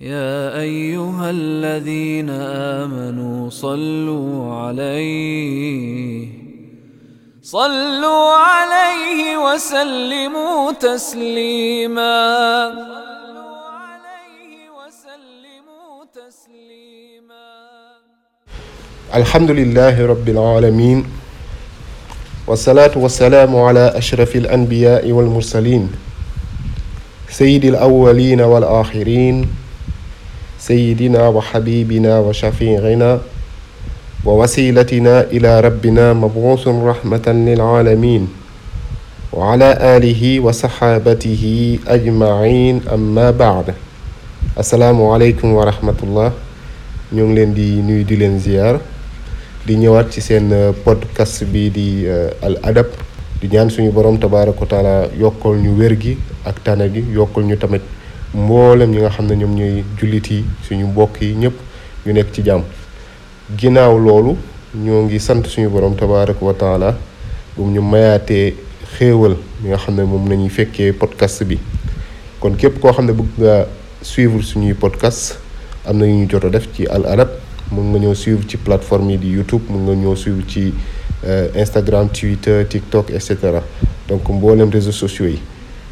يا أيها الذين آمنوا صلوا عليه صلوا عليه وسلموا تسليما الحمد لله رب العالمين والصلاة والسلام على أشرف الأنبياء والمرسلين سيد الأولين والآخرين sayyidina wa xabibina wa shafiina wa wasilatina ila rabbina mabuusun rahmatan lil aalamiin wa ala wa saxaabatihi ajmain amma baad asalaamu aleykum wa rahmatullah ñoo ngi leen di nuyu di leen ziyaar di ñëwaat ci seen podcast bii di al adab di ñaan suñu borom tabaaraka wa taala yokkal ñu wér gi ak tane gi yokkal ñu tamit mboolem ñi nga xam ne ñoom ñooy jullit yi suñu mbokk yi ñëpp yu nekk ci jàmm ginnaaw loolu ñoo ngi sant suñu borom tabaaraka wa taala bu ñu mayaatee xéewal mi nga xam ne moom nañuy fekkee podcast bi kon képp koo xam ne bëgg nga suivre suñuy podcast am na yu ñu jot a def ci Al Adab mun nga ñëw suivre ci plateforme yi di YouTube mun nga ñëw suivre ci euh, Instagram Twitter TikTok et cetera donc mboolem réseau sociaux yi.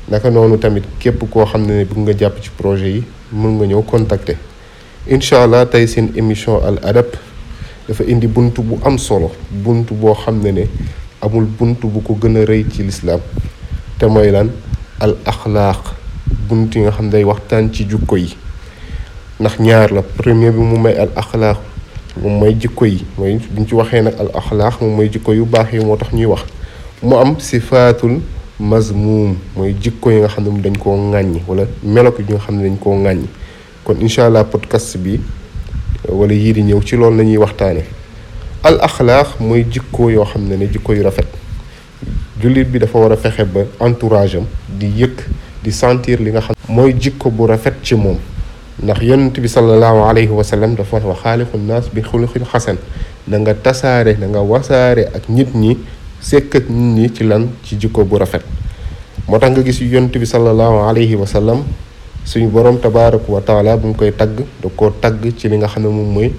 naka noonu tamit képp koo xam ne bëgg nga jàpp ci projet yi mën nga ñëw contacter incha allah tey seen émission Al Adab dafa indi bunt bu am solo bunt boo xam ne ni amul bunt bu ko gën a rëy ci lislaam te mooy lan al axlaaq bunt yi nga xam day waxtaan ci jikko yi ndax ñaar la premier bi mu may al axlaaq moom mooy jikko yi mooy buñ ci waxee nag al axlaaq moom mooy jikko yu baax yi moo tax ñuy wax mu am sifaatul mazmuum mooy jikko yi nga xam ne dañ koo ŋàññi wala melok yi nga xam ne dañ koo ŋàññi kon incha allah podcast bi euh, wala yii di ñëw ci loolu la ñuy waxtaane al axlaax mooy jikko yoo xam ne ne jikko yu rafet jullit bi dafa war a fexe ba entourage am di yëkk di sentir li nga xam mooy jikko bu rafet ci moom ndax yonent bi sallallahu alayhi wa sallam dafa wax wa xaaliqu naas bi xuluqin xasan na nga tasaare na nga wasaare ak nit ñi sekk ak nit ñi ci lan ci jikko bu rafet moo tax nga gis yonent bi sallallahu alayhi wa sallam suñu borom tabaaraka wa taala bu mu koy tagg da koo tagg ci li nga xam ne moom mooy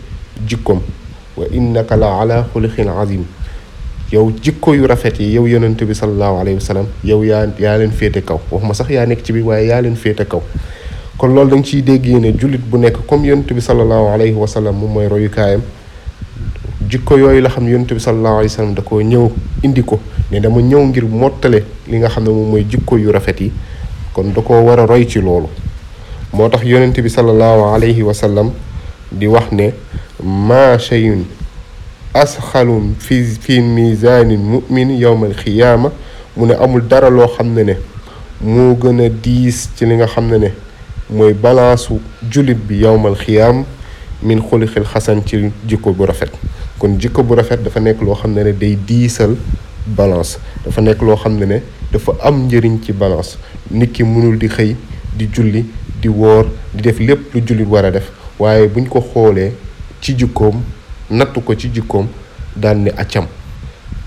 jikkoom wa innaka la ala xuluqin azim yow jikko yu rafet yi yow yonent bi sallallahu alayhi wa sallam yow yaa yaa leen féete kaw waxuma sax yaa nekk ci biir waaye yaa leen féete kaw kon lool da nga ciy dégg ne jullit bu nekk comme yonent bi sallallahu alayhi wa sallam moom mooy royukaayam jikko yooyu la xam yonent bi sallallahu alayhi wa sallam da koo ñëw indi ko ne dama ñëw ngir mottale li nga xam ne moom mooy jikko yu rafet yi kon da ko war a roy ci loolu moo tax yonent bi sallallahu alayhi wa sallam di wax ne maa shayun asxalum fi fi misaanil mumin yowmal xiyaama mu ne amul dara loo xam ne ne mu gën a diis ci li nga xam ne ne mooy balaasu jullit bi yowmal xiyaam min xuliqil xasan ci jikko bu rafet kon jikko bu rafet dafa nekk loo xam ne ne day diisal balance dafa nekk loo xam ne ne dafa am njëriñ ci balance nit ki mënul di xëy di julli di woor di def lépp lu jullit war a def waaye buñ ko xoolee ci jikkoom nattu ko ci jikkoom daal ne accam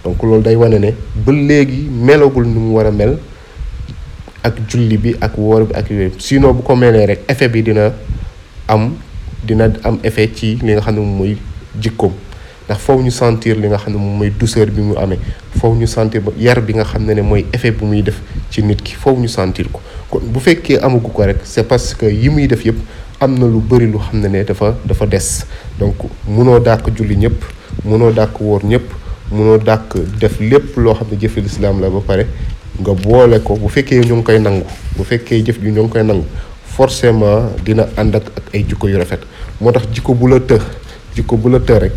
donc loolu day wane ne ba léegi melagul ni mu war a mel ak julli bi ak woor bi ak yooyu sinon bu ko melee rek effet bi dina am dina am effet ci li xam ne mooy jikkoom ndax foofu ñu sentir li nga xam ne moom mooy douceur bi mu amee foofu ñu sentir ba yar bi nga xam ne ne mooy effet bu muy def ci nit ki foofu ñu sentir ko kon bu fekkee amagu ko rek c'est parce que yi muy def yëpp am na lu bëri lu xam ne ne dafa dafa des donc munoo dàq julli ñëpp mënoo dàq wóor ñëpp mënoo dàq def lépp loo xam ne jëfe lislaam la ba pare nga boole ko bu fekkee ñu ngi koy nangu bu fekkee jëf ju ñu ngi koy nangu forcément dina ànd ak ak ay jikko yu rafet moo tax jikko bu la të rek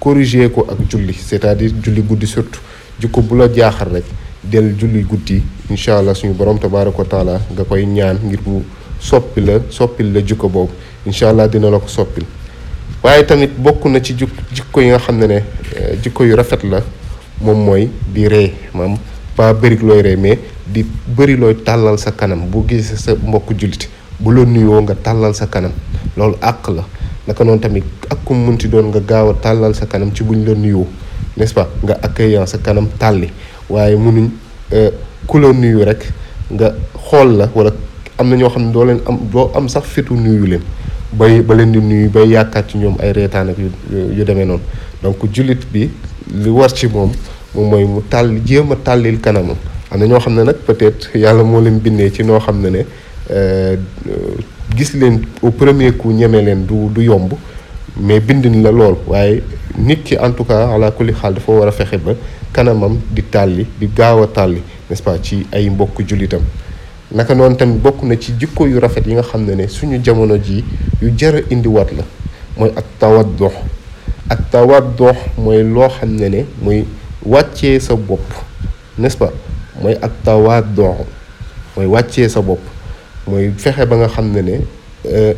corriger ko ak julli c'est-à-dire julli guddi surtout jikko bu la jaaxal rek del julli guddi incha allah suñu borom tabaaraka taala nga koy ñaan ngir bu soppi la soppil la jikko boobu incha allah dina la ko soppil waaye tamit bokk na ci jikko yi nga xam ne ne eh, jikko yu rafet la moom mooy di ree maam pas bëri looy ree mais di bëri looy tàllal sa kanam bu gisee sa mbokk jullit bu la nuyoo nga tàllal sa kanam loolu àq la naka noonu tamit ak ku mun munti doon nga gaaw a tàllal sa kanam ci buñ la nuyoo n'est-ce pas nga accueillant sa kanam tàlli waaye munuñ euh, ku la nuyu rek nga xool la wala am na ñoo xam ne doo leen am doo am sax fitu nuyu leen bay ba leen di nuyu bay yaakaar ci ñoom ay reetaan ak yu yu demee noonu donc jullit bi li war ci moom moom mooy mu tàll jéem a tàllil kanamam am na ñoo xam ne nag peut-être yàlla moo leen bindee ci noo xam ne ne. Euh, gis leen au premier coup ñeme leen du du yomb mais bindin la lool waaye nit ki en tout cas ala kulli xaal dafa war a fexe ba kanamam di tàlli di gaaw a tàlli nest ci ay mbokk jullitam naka noonu tamit bokk na ci jikko yu rafet yi nga xam ne ne suñu jamono ji yu jar indiwaat la mooy ak dox ak tawaat dox mooy loo xam ne ne muy wàccee sa bopp nespa mooy ak tawaat tawaddox mooy wàccee sa bopp mooy fexe ba nga xam ne ne euh,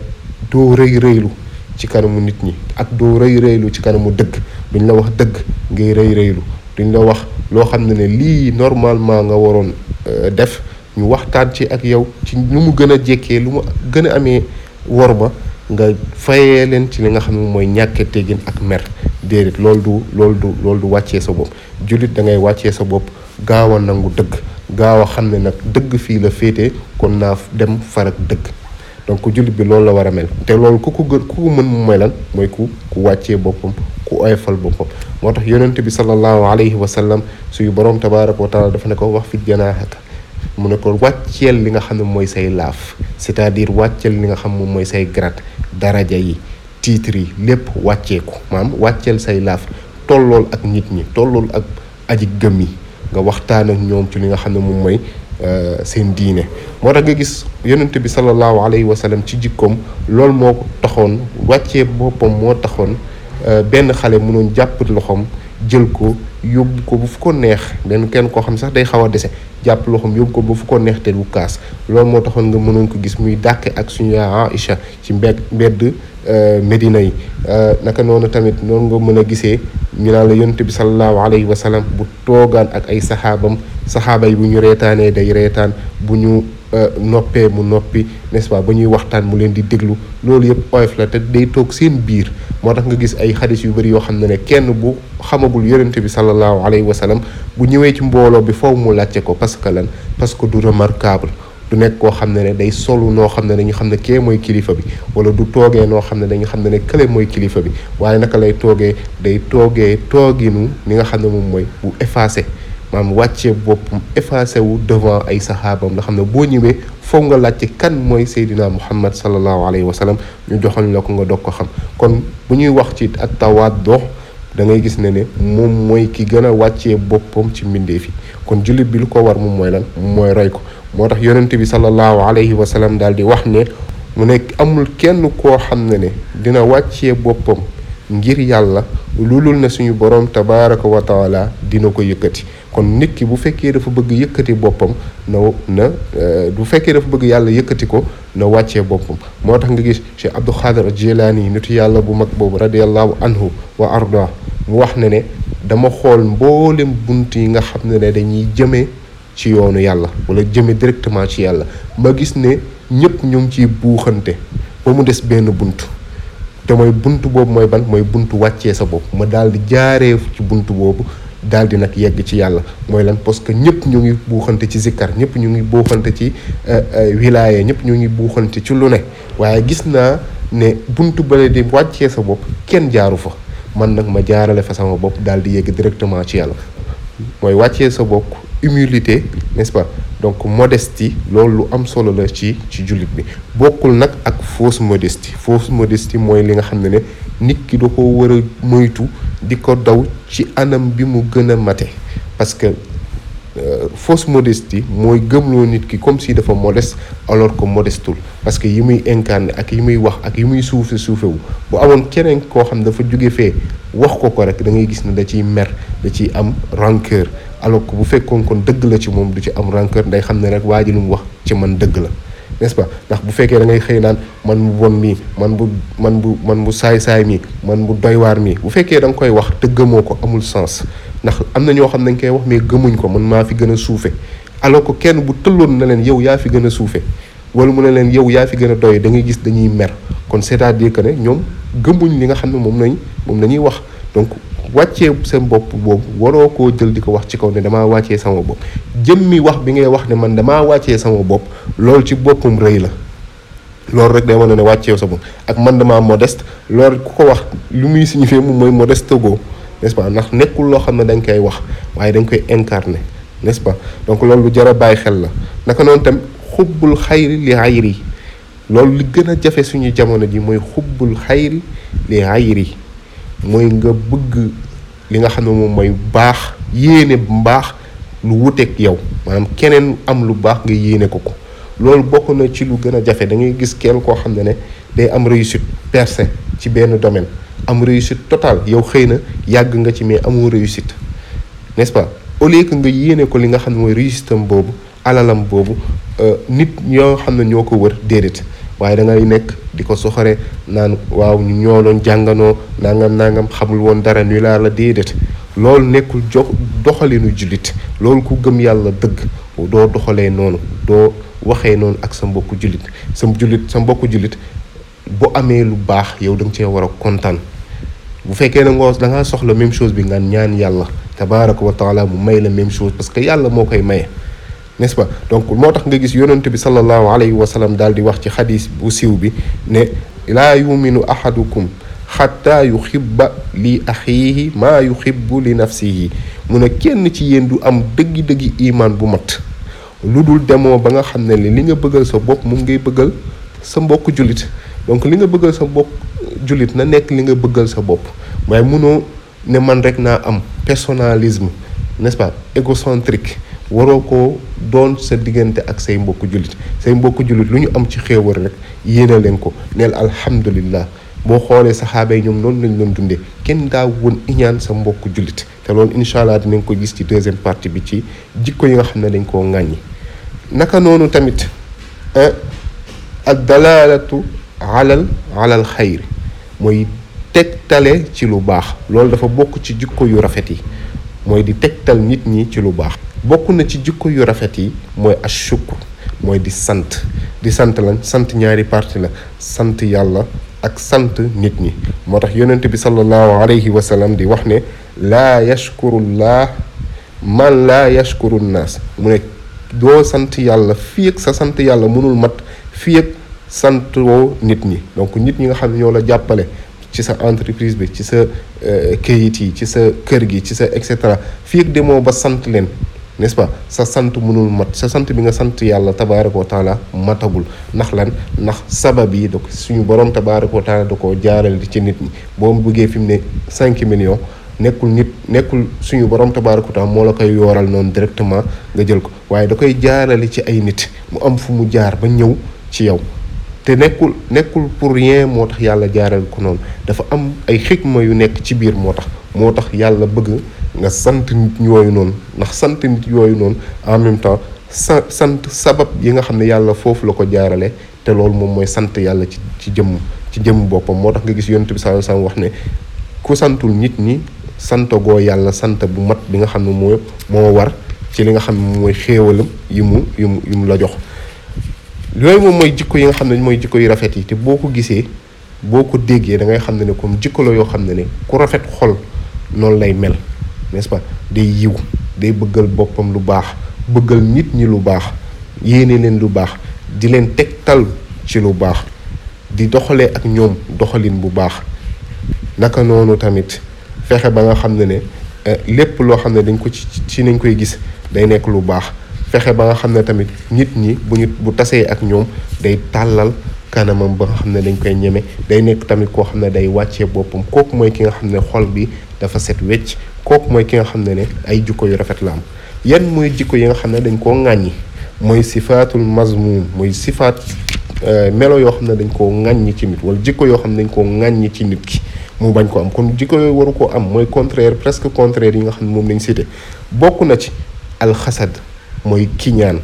doo rëy rëylu ci kanamu nit ñi ak doo rëy rëylu ci kanamu dëgg duñ la wax dëgg ngay rëy rëylu duñ la wax loo xam ne ne lii normalement nga waroon euh, def ñu waxtaan ci ak yow ci nu mu gën a jekkee lu mu gën a amee wor ma nga fayee leen ci li nga xam ne mooy ñàkkee teggin ak mer déedéet lool du lool du lool du wàccee sa bopp jullit da ngay wàccee sa bopp gaaw nangu dëgg gaaw a xam ne nag dëgg fii la féete kon naa dem farak dëgg donc jullit bi loolu la war a mel te loolu ku ko gën ku ko mën mu mooy lan mooy ku ku wàccee boppam ku oyofal boppam moo tax yonent bi sallallahu alayhi wa sallam suyu borom tabaraka wa taala dafa ne ko wax fi janaahaka mu ne ko wàcceel li nga xam ne mooy say laaf c'est-à-dire wàcceel li nga xam moom mooy say grade daraja yi titre yi lépp wàcceeku maam wàcceel say laaf tollool ak nit ñi tollool ak aji gëm yi nga waxtaan ak ñoom ci li nga xam ne moom mooy euh, seen diine moo tax nga gis yonent bi sallallahu alayhi wa sallam ci jikkoom loolu moo ko taxoon wàccee boppam moo taxoon euh, benn xale mënoon jàpp loxoom jël ko yóbbu ko bu fu ko neex den kenn koo xam sax day xaw a dese jàpp loxoom yóbbu ko ba fu ko neex te du kaas loolu moo taxoon nga mënoon ko gis muy dàq ak suñu yaay Aïcha ci mbedd mbedd euh, Medina yi euh, naka noonu tamit noonu nga mën a gisee ñu naan la yonent bi sallallahu alayhi wa sallam bu toogaan ak ay saxaabam saxaaba yi bu ñu reetaanee day reetaan bu ñu. Euh, noppee mu noppi n'est-ce pas ba ñuy waxtaan mu leen di déglu loolu yëpp oyof la te day toog seen biir moo tax nga gis ay xadis yu bëri yoo xam ne ne kenn bu xamagul yonente bi sallallahu alayhi wa sallam bu ñëwee ci mbooloo bi foofu mu laajte ko parce que lan parce que du remarquable du nekk koo xam ne ne day solu noo xam ne dañu xam ne kee mooy kilifa bi wala du toogee noo xam ne dañu xam ne ne kële mooy kilifa bi waaye naka lay toogee day toogee tooginu ni nga xam ne moom mooy bu effacé maam wàccee boppam effacé wu devant ay saxaabam nga xam ne boo ñëwee foog nga laaj ci kan mooy Seydina Muhammad sallallahu alayhi wa sallam ñu joxoon la ko nga dog ko xam kon bu ñuy wax ci at tawaadu da ngay gis ne ne moom mooy ki gën a wàccee boppam ci mbindeef yi kon jullit bi lu ko war moom mooy lan mooy rey ko moo tax yonent bi sallallahu alayhi wa sallam daal di wax ne mu nekk amul kenn koo xam ne ne dina wàccee boppam ngir yàlla loolul na suñu borom tabaraka wa taala dina ko yëkkati kon nit ki bu fekkee dafa bëgg yëkkati boppam na na euh, bu fekkee dafa bëgg yàlla yëkkati ko na wàccee boppam moo tax nga gis Cheikh Abdou Khader Jilani nit yàlla bu mag boobu radiallahu anhu wa arda mu wax na ne dama xool mboolem bunt yi nga xam ne ne dañuy jëmee ci yoonu yàlla wala jëme directement ci yàlla ma gis ne ñëpp ñu ngi ciy buuxante ba mu des benn bunt te mooy bunt boobu mooy ban mooy buntu wàccee sa bopp ma daal di jaaree ci bunt boobu daal nag yegg ci yàlla mooy lan parce que ñëpp ñu ngi buuxante ci zikkar ñëpp ñu ngi buuxante ci euh, euh, wilaaye ñëpp ñu ngi buuxante ci lu ne waaye gis naa ne buntu bële di wàccee sa bopp kenn jaaru fa man nag ma jaarale fa sama bopp daal di yegg directement ci yàlla mooy wàccee sa bopp humilité n'est-ce pas donc modestie loolu lu am solo la ci ci jullit bi bokkul nag ak fausse modestie fausse modestie mooy li nga xam ne ne nit ki da ko war a moytu di ko daw ci anam bi mu gën a mate parce que Euh, fausse modestie mooy gëm gëmloo nit ki comme si dafa modeste alors que modestul parce que yi muy incarné ak yi muy wax ak yi muy suufe suufewu bu amoon keneen koo xam dafa jóge fee wax ko ko rek da ngay gis ne da ciy mer da ciy am rancœur alors que bu fekkoon kon dëgg la ci moom du ci am rancœur nday xam ne rek waa ji lu mu wax ci man dëgg la n'est-ce pas ndax bu fekkee da ngay xëy naan man bu bon mii man bu man bu man bu saay-saay mii man bu doywaar mii bu fekkee da nga koy wax te ko amul sens ndax am na ñoo xam ne dañ koy wax mais gëmuñ ko man maa fi gën a suufe alors ko kenn bu tëlloon na leen yow yaa fi gën a suufe wala mu ne leen yow yaa fi gën a doy da ngay gis dañuy mer kon cest à que ne ñoom gëmuñ li nga xam ne moom lañ moom la ñuy wax donc wàccee seen bopp boobu waroo ko jël di ko wax ci kaw ne damaa wàccee sama bopp jëmmi wax bi ngay wax ne man damaa wàccee sama bopp loolu ci boppam rëy la loolu rek day wane ne wàccee sa bopp ak man damaa modeste loolu ku ko wax lu muy signifier moom mooy modeste goo n'est-ce ndax nekkul loo xam ne dañ koy wax waaye dañ koy incarné n'est-ce pas donc loolu lu jar a bàyyi xel la ndaka noonu tam xubbul xayri li ayri loolu li gën a jafe suñu jamono ji mooy xubbul xayri li ayri mooy nga bëgg li nga xam ne moom mooy baax yéene mbaax lu wuteeg yow maanaam keneen am lu baax nga yéene ko ko loolu bokk na ci lu gën a jafe da gis kenn koo xam ne ne day am réussite percée ci benn domaine am réussite totale yow xëy na yàgg nga ci mais amoo réussite nest pa pas au lieu nga yéene ko li nga xam ne mooy réussite boobu alalam boobu euh, nit ñoo xam na ñoo ko wër déedéet waaye da ngay nekk di ko soxore naan waaw ñu ñoo doon jànganoo nangam nangam xamul woon dara nuy laa la déedéet loolu nekkul jox doxalinu jullit loolu ku gëm yàlla dëgg doo doxalee noonu doo waxee noonu ak sa mbokku jullit sa jullit sa mbokku jullit bu amee lu baax yow da nga cee war a kontaan bu fekkee na nga da soxla même chose bi nga ñaan yàlla tabaaraka wa taala mu may la même chose parce que yàlla moo koy maye. n'est-ce donc moo tax nga gis yonent bi sallallahu alayhi wa sallam daal di wax ci xadis bu siiw bi ne laa yuminu ahadukum xatta yuxibba li axiihi maa yuxibbu li nafsihi mu ne kenn ci yéen du am dëggi-dëggi imaan bu mat lu dul demoo ba nga xam ne li nga bëggal sa bopp moom ngay bëggal sa mbokk jullit donc li nga bëggal sa bopp jullit na nekk li nga bëggal sa bopp waaye mënoo ne man rek naa am personnalisme n'est-ce pas égocentrique waroo ko doon sa diggante ak say mbokku jullit say mbokku jullit lu ñu am ci xéewal rek yéene leen ko neel alhamdulillah boo xoolee saxaaba yi ñoom noonu lañ doon dundee kenn daaw woon iñaan sa mbokku jullit te loolu incha allah dinañ ko gis ci deuxième partie bi ci jikko yi nga xam ne dañ koo ŋàññi naka noonu tamit ak ah, dalalatu alal alal xayri tegtale ci lu baax loolu dafa bokk ci jikko yu rafet yi mooy di tegtal nit ñi ci lu baax bokk na ci jikko yu rafet yi mooy ashukr mooy di sant di sant lañ sant ñaari parti la sant yàlla ak sant nit ñi moo tax yonent bi sallallahu alayhi wa sallam di wax ne laa yashkurullah man laa yashkurun mu ne doo sant yàlla fii sa sant yàlla mënul mat fii santoo nit ñi donc nit ñi nga xam ne ñoo la jàppale ci sa entreprise bi ci sa euh, kayit yi ci sa kër gi ci sa et cetera fii demoo ba sant leen n'est-ce sa sant mënul mat sa sant bi nga sant yàlla tabaaraka wa taala matagul ndax lan ndax sabab yi donc suñu borom tabaaraka wa taala da koo jaarale ci nit ñi boo buggee fi mu ne 5 millions nekkul nit nekkul suñu borom tabaaraka wa moo la koy yooral noonu directement nga jël ko waaye da koy jaarale ci ay nit mu am fu mu jaar ba ñëw ci yow. te nekkul nekkul pour rien moo tax yàlla jaareel ko noonu dafa am ay xikma yu nekk ci biir moo tax moo tax yàlla bëgg nga sant nit yooyu noonu ndax sant nit yooyu noonu en même temps sa sant sabab yi nga xam ne yàlla foofu la ko jaarale te loolu moom mooy sant yàlla ci ci jëmm ci jëmm boppam moo tax nga gis yonent bi sallallahu alayhi wax ne ku santul nit ñi santagoo yàlla sant bu mat bi nga xam ne moo moo war ci li nga xam ne mooy xéewalam yi mu yi mu yi mu la jox yooyu moom mooy jikko yi nga xam ne mooy jikko yu rafet yi te boo ko gisee boo ko déggee dangay xam ne ne comme jikko la yoo xam ne ne ku rafet xol noonu lay mel n'est-ce day yiw day bëggal boppam lu baax bëggal nit ñi lu baax yéene leen lu baax di leen tegtal ci lu baax di doxalee ak ñoom doxalin bu baax naka noonu tamit fexe ba nga xam ne ne eh, lépp loo xam ne dañ ko ci ci nañ koy gis day nekk lu baax fexe ba nga xam ne tamit nit ñi bu ñu bu tasee ak ñoom day tàllal kanamam ba nga xam ne dañ koy ñeme day nekk tamit koo xam ne day wàccee boppam kooku mooy ki nga xam ne xol bi dafa set wecc kooku mooy ki nga xam ne ne ay jikko yu rafet la am yan mooy jikko yi nga xam ne dañ koo ŋàññi mooy sifaatul mazmum mooy sifaat euh, melo yoo xam ne dañ koo ŋàññi ci nit wala jikko yoo xam ne dañ koo ŋàññi ci nit ki mu bañ ko am kon jikko yooyu waru koo am mooy contraire presque contraire yi nga xam ne moom lañ cité bokk na ci alxasad mooy kiñaan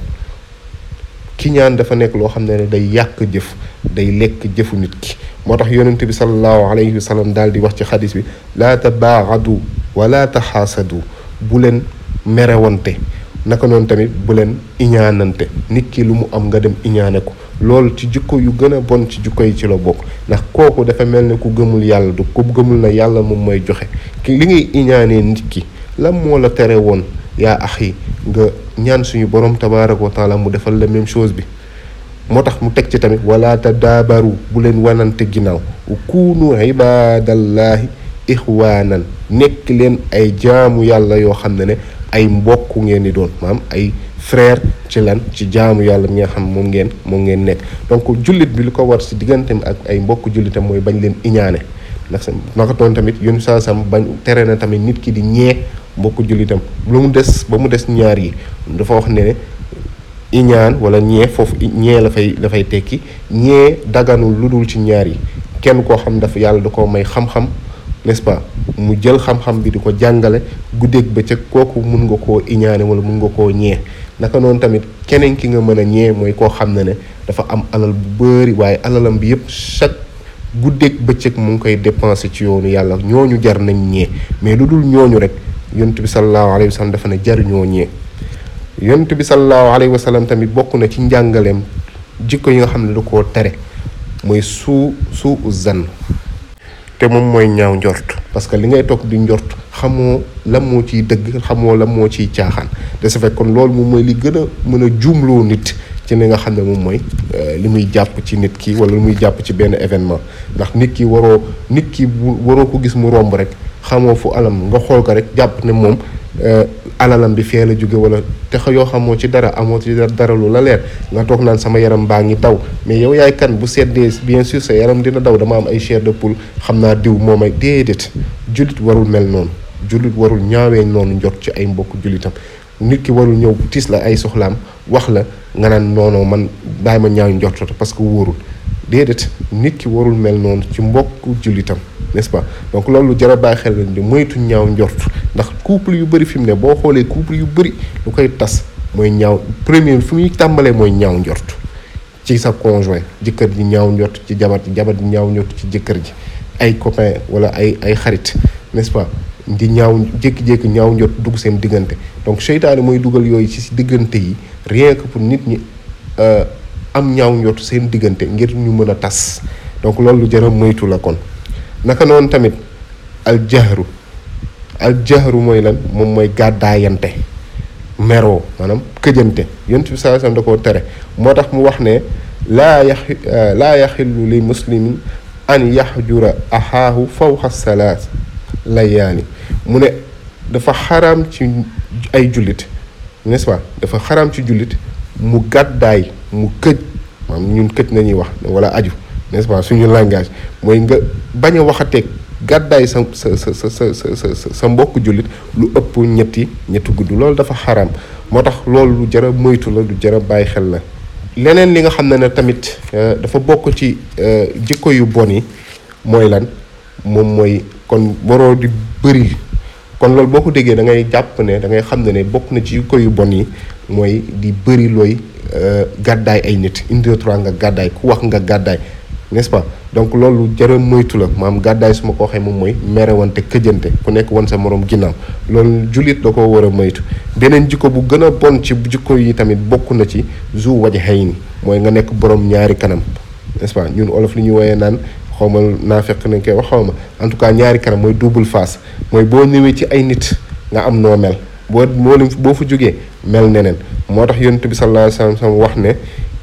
kiñaan dafa nekk loo xam ne ne day yàq jëf day lekk jëfu nit ki moo tax yonent bi salallahu alayhi wa sallam daal di wax ci xadis bi laa tabaagadu wala taxaasadu bu leen merewante naka noonu tamit bu leen iñaanante nit ki lu mu am nga dem iñaane ko loolu ci jikko yu gën a bon ci jikko yi ci la bokk ndax kooku dafa mel ne ku gëmul yàlla du ku gëmul na yàlla moom mooy joxe ki li ngay iñaanee nit ki lan moo la tere woon yaa axi nga ñaan suñu borom tabaaraka wa taala mu defal la même chose bi moo tax mu teg ci tamit wala daabaru bu leen wanante ginnaaw u kuunu ibaadallaahi ixwaanan nekk leen ay jaamu yàlla yoo xam ne ne ay mbokk ngeen di doon maam ay frère ci lan ci jaamu yàlla mi nga xam moom ngeen moom ngeen nekk donc jullit bi lu ko war si digganteem ak ay mbokk jullitam mooy bañ leen iñaane ndax naka doon tamit yoonu saa sam bañ tere na tamit nit ki di ñee mbokku jullitam lu mu des ba mu des ñaar yi dafa wax ne ne iñaan wala ñee foofu ñee la fay la fay tekki ñee daganul lu dul ci ñaar yi kenn koo xam dafa yàlla da ko may xam-xam pas mu jël xam bi di ko jàngale guddeeg bëccëg kooku mun nga koo iñaane wala mun nga koo ñee naka noonu tamit keneen ki nga mën a ñee mooy koo xam ne ne dafa am alal bu bëri waaye alalam bi yëpp chaque guddeeg bëccëg mu ngi koy dépenser ci yoonu yàlla ñooñu jar nañ ñee mais lu dul ñooñu rek yonent bi sallallahu alayhi wa sallam dafa ne jariñoo ñee yonent bi sallallahu alayhi wa sallam tamit bokk na ci njàngaleem jikko yi nga xam ne da koo tere mooy suu suu zan te moom mooy ñaaw njort parce que li ngay toog di njort xamoo lan moo ciy dëgg xamoo lan moo ciy caaxaan te su fekkoon loolu moom mooy li gën a mën a juumloo nit ci li nga xam ne moom mooy euh, li muy jàpp ci nit ki wala li muy jàpp ci benn événement ndax nit ki waroo nit ki waroo ko gis mu romb rek xamoo fu alam nga xool ko rek jàpp ne moom euh, alalam bi fee la jóge wala te yoo xamoo ci dara amoo ci dara lu la leer nga toog naan sama yaram baa ngi daw mais yow yaay kan bu seddee bien sûr sa yaram dina daw dama am ay chair de poule xam naa diw moom ay déedéet jullit warul mel noonu jullit warul ñaawee noonu njot ci ay mbokk jullitam nit ki warul ñëw tiis la ay soxlaam wax la nga naan noonoo man bàyyi ma ñaaw njortot parce que wóorul déedéet nit ki warul mel noonu ci mbokk jullitam n'est-ce pas donc loolu jar a bàyyi leen di moytu ñaaw njort ndax couple yu bëri fi mu ne boo xoolee couple yu bëri lu koy tas mooy ñaaw premier fi muy tàmbalee mooy ñaaw njort ci sa conjoint jëkkër ji ñaaw njort ci jabar ji jabar ji ñaaw ci jëkkër ji ay copain wala ay ay xarit n'est-ce pas di ñaaw jékki-jékki ñaaw njort dugg seen diggante donc seytaane mooy dugal yooyu ci diggante yi rien que pour nit ñi euh, am ñaaw njort seen diggante ngir ñu mën a tas donc loolu lu jar moytu la kon naka noonu tamit aljahru aljahru mooy lan moom mooy gàddaayante meroo maanaam këjante yonent bi sallallahu alayhi tere moo tax mu wax ne laa yax euh, laa yaxillu li muslimin an yaxjura axaahu fawqa salaas layaali mu ne dafa xaraam ci ay jullit n'est-ce dafa xaram ci jullit mu gàddaay mu këj maanaam ñun këj nañuy wax wala aju n'est-ce suñu langage mooy nga bañ a waxateeg gàddaay sa sa sa sa sa sa sa sa mbokk jullit lu ëpp ñetti ñetti gudd loolu dafa xaram moo tax loolu lu a moytu la du jar a bàyyi xel la. leneen li nga xam ne ne tamit euh, dafa bokk ci euh, jikko yu bon yi mooy lan moom mooy kon waroo di bëri kon loolu boo ko déggee da ngay jàpp ne da ngay xam ne ne bokk na ci jikko yu bon yi mooy di bëri looy euh, gàddaay ay nit indi trois nga gàddaay ku wax nga gàddaay. n'est-ce pas donc loolu jërë moytu la maam gàddaay su ma ko waxee moom mooy merewante këjante ku nekk wan sa moroom ginnaaw loolu jullit da ko war a moytu beneen jikko bu gën a bon ci jikko yi tamit bokk na ci zu waja xëy ni mooy nga nekk borom ñaari kanam nest pas ñun olof li ñu woyee naan xaw ma naa fekk nañ koy wax xaw ma en tout cas ñaari kanam mooy double fas mooy boo ñëwee ci ay nit nga am noo mel boo moo lim boo jógee mel neneen moo tax yonent bi sallallahu alayhi sa sallam wax ne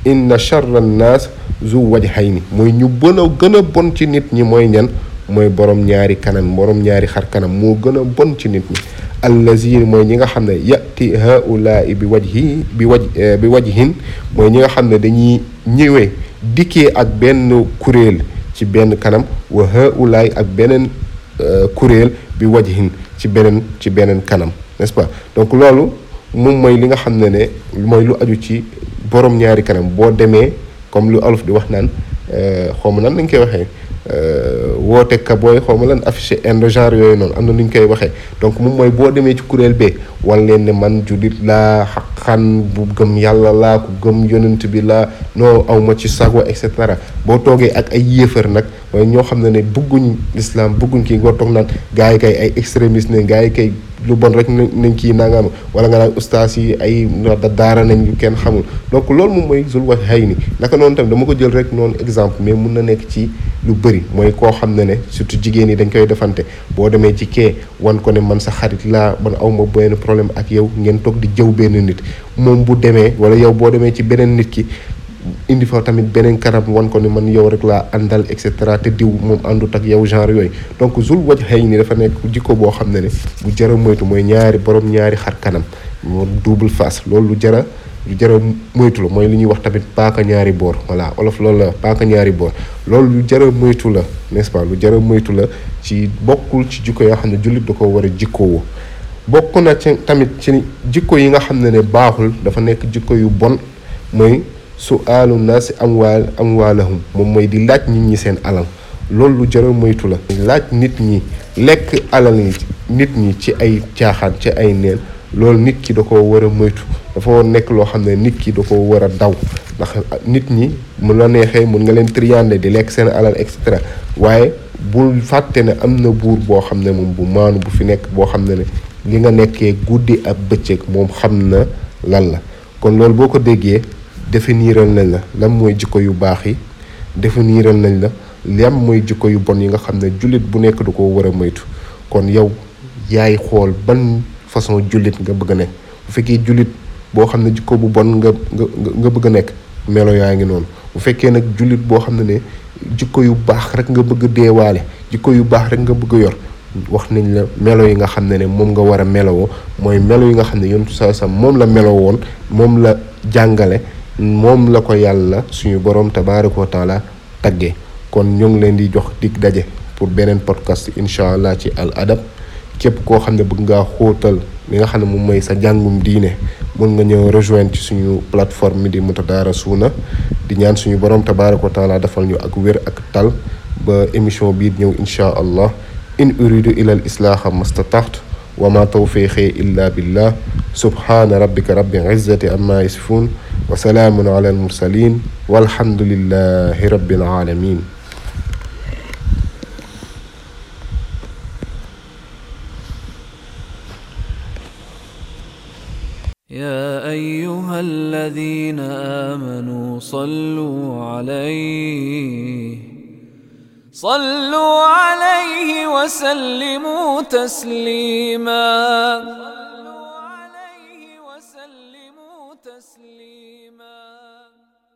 inna charra an naas zu wajhayni mooy ñu bën a gën a bon ci nit ñi mooy ñan mooy borom ñaari kanam borom ñaari xar kanam moo gën a bon ci nit ñi allazina mooy ñi nga xam ne yati haulai bi wajhi bi waj eh, bi mooy ñi nga xam ne dañuy ñëwee dikkee ak benn kuréel ci benn kanam wa haulaay ak beneen eh, kuréel bi waj wajhin ci beneen ci beneen kanam nest donc loolu moom mooy li nga xam ne ne mooy lu aju ci borom ñaari kanam boo demee comme lu olof di wax naan euh, xaw ma nan lañ koy waxee euh, woote kabooy xaw ma lan affiché indo yooyu noonu am na nu ñu koy waxee donc moom mooy boo demee ci kuréel bee wan leen ne man jullit laa xaqan bu gëm yàlla laa ku gëm yonent bi laa noo aw ma ci sago et cetera boo toogee ak ay yéefar nag mooy ñoo xam ne ne bëgguñ lislaam bëgguñ kii nga toog naan gars yi kay ay extrémiste ne gars kay lu bon rek nañ kii nangam wala nga naan ustaas yi ay daara nañ kenn xamul donc loolu moom mooy zul wax xay ni naka noonu tamit dama ko jël rek noonu exemple mais mun na nekk ci lu bëri mooy koo xam ne ne surtout jigéen yi dañ koy defante boo demee ci kee wan ko ne man sa xarit laa man aw ma benn problème ak yow ngeen toog di jëw benn nit moom bu demee wala yow boo demee ci beneen nit ki indi fa tamit beneen karab wan ko ne man yow rek laa àndal et cetera te diw moom àndut ak yow genre yooyu donc zul waj xëy ni dafa nekk jikko boo xam ne ne bu jara moytu mooy ñaari borom ñaari xar kanam moo double loolu lu jara lu moytu la mooy li ñuy wax tamit paaka ñaari boor voilà olof loolu la paaka ñaari boor loolu lu jara moytu la nest lu jara moytu la ci bokkul ci jikko yoo xam ne jullit da ko war a jikkoo bokk na ci tamit ci jikko yi nga xam ne ne baaxul dafa nekk jikko yu bon mooy su aalu naa si am waal am waalahum moom mooy di laaj nit ñi seen alal loolu lu jar moytu la. laaj nit ñi lekk alal nit ñi ci ay caaxaan ci ay neen loolu nit ki da ko war a moytu dafa nekk loo xam ne nit ki da ko war a daw ndax ah, nit ñi mun la neexee mun nga leen triande di lekk seen alal et waaye bul fàtte ne am na buur boo xam ne moom bu maanu bu fi nekk boo xam ne ne li nga nekkee guddi ak bëccëg moom xam na lan la kon loolu boo ko déggee. définiral nañ la lan mooy jikko yu baax yi defe définiral nañ la lan mooy jikko yu bon yi nga xam ne jullit bu nekk du ko war a moytu kon yow yaay xool ban façon jullit nga bëgg a nekk bu fekkee jullit boo xam ne jikko bu bon nga nga bëgg a nekk melo yaa ngi noonu bu fekkee nag jullit boo xam ne ne jikko yu baax rek nga bëgg deewaale jikko yu baax rek nga bëgg a yor wax nañ la melo yi nga xam ne ne moom nga war a melowoo mooy melo yi nga xam ne yontu sa sa moom la melo woon moom la jàngale moom la ko yàlla suñu borom tabaaraka wa taala tagge kon ñoo ngi leen di jox dig daje pour beneen podcast incha allah ci al adab képp koo xam ne bëgg ngaa xóotal li nga xam ne moom mooy sa jàngum diine mën nga ñëw rejoindre ci suñu plateforme di Mutadarassouna di ñaan suñu borom tabaaraka wa taala defal ñu ak wér ak tal ba émission bii di ñëw incha allah in uridu ila al islaaha mastataxtu wa ma tawfiqi illa billah subhaana rabbika rabbil izzati amma yasifun wa salaamun ala al mursalin walhamdulillahi rabbil alamin يا ايها الذين امنوا صلوا عليه صلوا عليه وسلموا تسليما